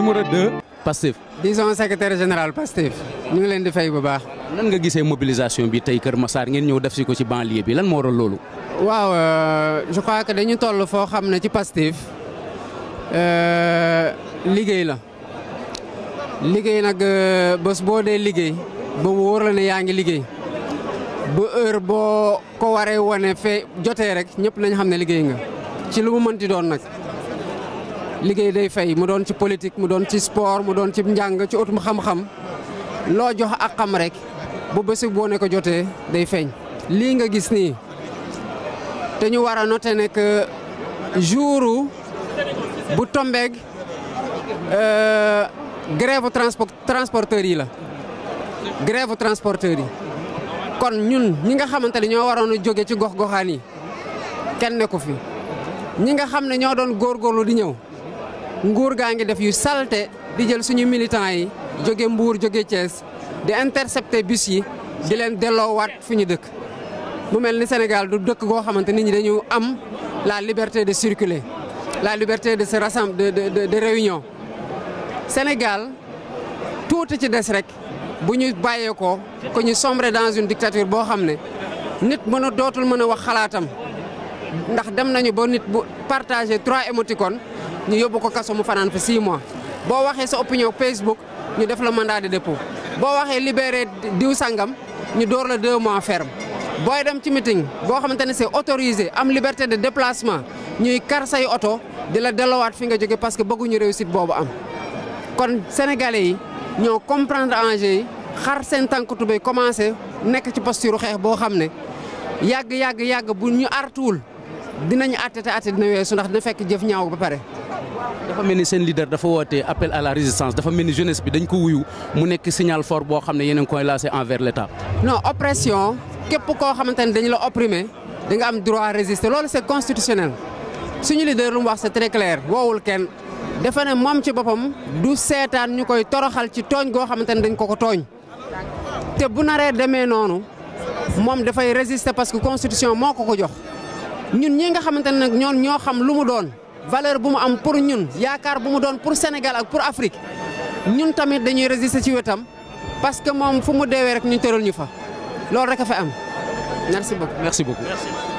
numéro 2 Pastef. di son secrétaire général Pastef ñu ngi leen di fay bu baax. nan nga gisee mobilisation bi tey Kër Massar ngeen ñëw def si ko ci banlieue bi lan moo waral loolu. waaw euh, je crois que dañu toll foo xam ne ci Pastef euh, liggéey la liggéey nag euh, bës boo dee liggéey ba mu yaa ngi liggéey ba heure boo ko waree wane fe jotee rek ñëpp nañ xam ne liggéey nga ci lu mu mënti doon nag. liggéey day fay mu doon ci politique mu doon ci sport mu doon ci njàng ci utum xam-xam loo jox ak xam rek bu bési boo ne ko jotee day feeñ. lii nga gis nii te ñu war a noter ne que jour bu tombeeg euh, grève transporteur yi la grève transporteur yi kon ñun ñi nga xamante ne ñoo waroon a jóge ci gox goxaan yi kenn nekku fi ñi nga xam ne ñoo doon góor góorlu di ñëw nguur gaa ngi def yu salte di jël suñu militants yi jóge mbuur jóge Thiès di intercepter bus yi di leen delloowaat fu ñu dëkk mu mel ni senegal du dëkk goo xamante nit ñi dañu am la liberté de circuler la liberté de se de de de réunion Sénégal tuuti ci des rek bu ñu bàyyeekoo ko ñu sombrer dans une dictature boo xam ne nit mën a dootul mën a wax xalaatam ndax dem nañu ba nit bu partager trois émoticônes ñu yóbbu ko kaso mu fanaan fa 6 mois boo waxee sa opinion Facebook ñu def la mandat de dépôt boo waxee libéré diw sangam ñu door la 2 mois ferme booy dem ci meeting boo xamante ne c'est autorisé am liberté de déplacement ñuy kar say oto di la dellowaat fi nga jóge parce que bëgguñu réussite boobu am kon sénégalais yi ñoo comprendre enjeu yi xar seen tànk tubéy commencé nekk ci posture xeex boo xam ne yàgg yàgg yàgg bu ñu artuwul dinañu àtte te àtte dina su ndax dina fekk jëf ñaaw ba pare. dafa mel ni seen leader dafa woote appel à la résistance dafa mel ni jeunesse bi dañ ko wuyu mu nekk signal for boo xam ne yéen a ngi koy lancé envers l' état. non oppression képp koo xamante ne dañu la opprimé da nga am droit résister loolu c' est constitutionnel suñu leader lu mu wax c' est très clair kenn dafa ne moom ci boppam du seetaan ñu koy toroxal ci tooñ goo xamante ne dañ ko ko tooñ te bu naree demee noonu moom dafay résister parce que constitution moo ko ko jox. ñun ñi nga xamante ne nag ñoon ñoo xam lu mu doon valeur bu mu am pour ñun yaakaar bu mu doon pour Sénégal ak pour Afrique ñun tamit dañuy résister ci wetam parce que moom fu mu deewee rek ñu tëral ñu fa loolu rek a fa am merci beaucoup merci beaucoup.